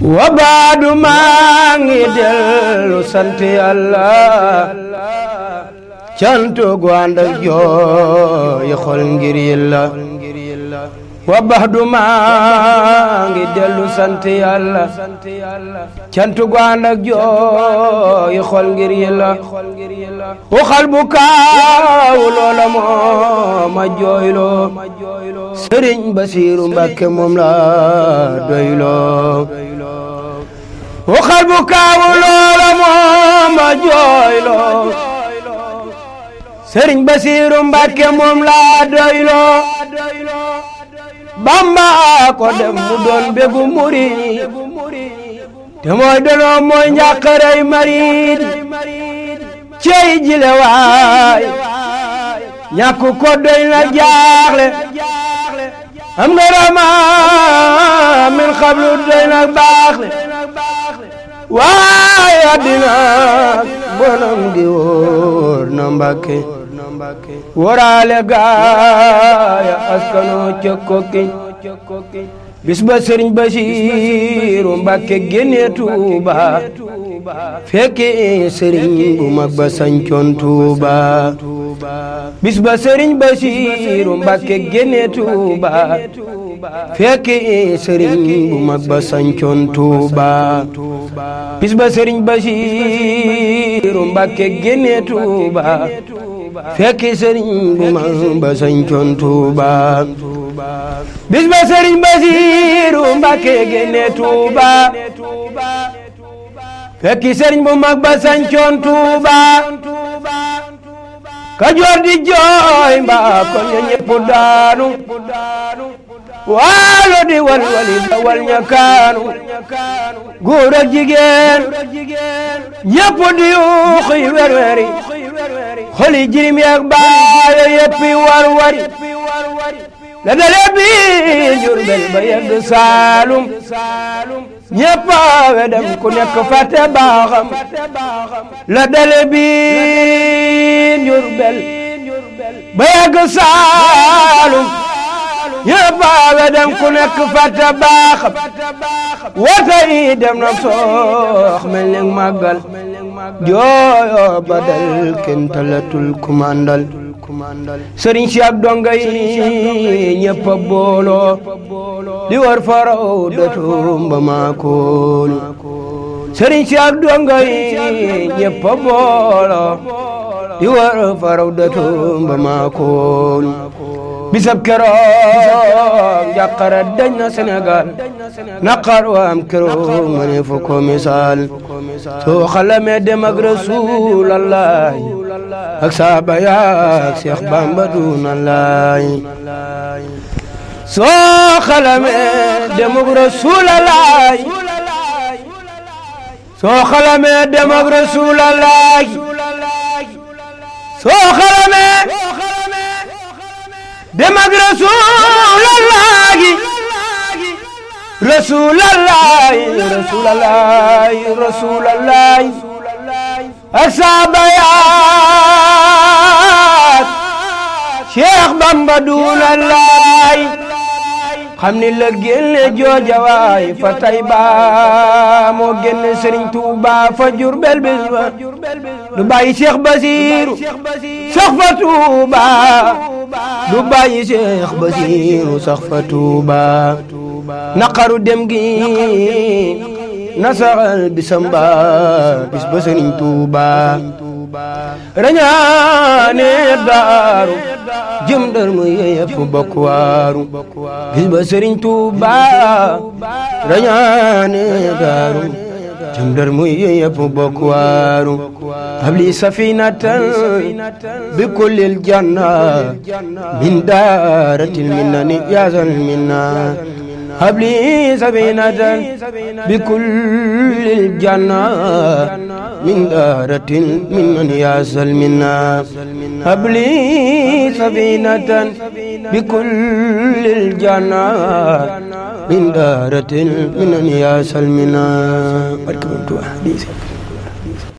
wa baadu maa ngi dellu sant yàlla cantu gu ànd ak ngir yàlla wa baadu maa ngi dellu sant yàlla cantu gu ànd ak jooy xol ngir yàlla waxal bu loola moo ma jooyloo Sëriñ Basiiru Mbàkke moom la doyloo waxal bu kaawu moom ma jooyloo sëriñ Basiiru Mbàkke moom laa doyloo Bamba ko dem mu doon bégu murid te mooy dono mooy njàqarey marid cey jile waay ñàkk ko doy na jaaxle am nga rama min xablu doy na baaxle waaye àddina bonam gi wóor na Mbàkke wóoraale gaaya askanoo ca kokki bis ba sëriñ Basiiru Mbàkke génnee Tuuba fekke sëriñ bu mag ba sañcoon Tuuba bis ba sëriñ Basiiru Mbàkke génnee Tuuba fekke sëriñ bu mag ba sancoon Tuuba bis sëriñ ba sancoon ba sëriñ Basiiru Mbàkke génne Tuuba sëriñ bu mag ba sancoon Tuuba Kajoor di jooy mbaa kon ñëpp daanu waalo di wal wali wal ñakaanu góor ak jigéen di yuuxi wer weri xoli jirim yak baayo yëpp war wari la dale bi Jurbel ba yegg Saalum ñëpp awe dem ku nekk fàtte baaxam la dale bi Jurbel ba yegg Saalum yëpp awe dem ku nekk fàtte baax wata yi dem na soox mel ni màggal jooyo badal kenn talatul kumandal sëriñ si ak donga yi ñëpp a booloo li war faraw datum ba maakoolu sëriñ si donga yi ñëpp a booloo di war fa ba maakoon bisab keroog jàqara dañ na naqar waam keroog ma ne fa misaal soo xalamee dem ak ak saaba yaak Cheikh Bamba duunallaay soo xalamee dem ak soo xalamee dem ak rasuulallaahi rasuulallaahi rasuulallaahi rasuulallaahi ak saaba yaat Cheikh Bamba duulallaahi xam ni la génne joojawaay fa tayba Tuuba moo génne Sëriñ Tuuba fa Jurbel bis ba du bàyyi Cheikh Basiru sax fa Tuuba du bàyyi Cheikh Basiru sax fa Tuuba naqaru dem gi nasaxal bisam ba bis ba rañaane daaru jëm dar mu yëpp bokk waaru bis ba sëriñ Tuuba rañaane daaru jëm dar mu yëpp bokk waaru abli safinatan bi kullil janna min daaratil minna ni yaasal minna abli safinatan bi kullil من دارة ممن يصل منا أبلي سفينة بكل الجنات من دارة ممن يصل منا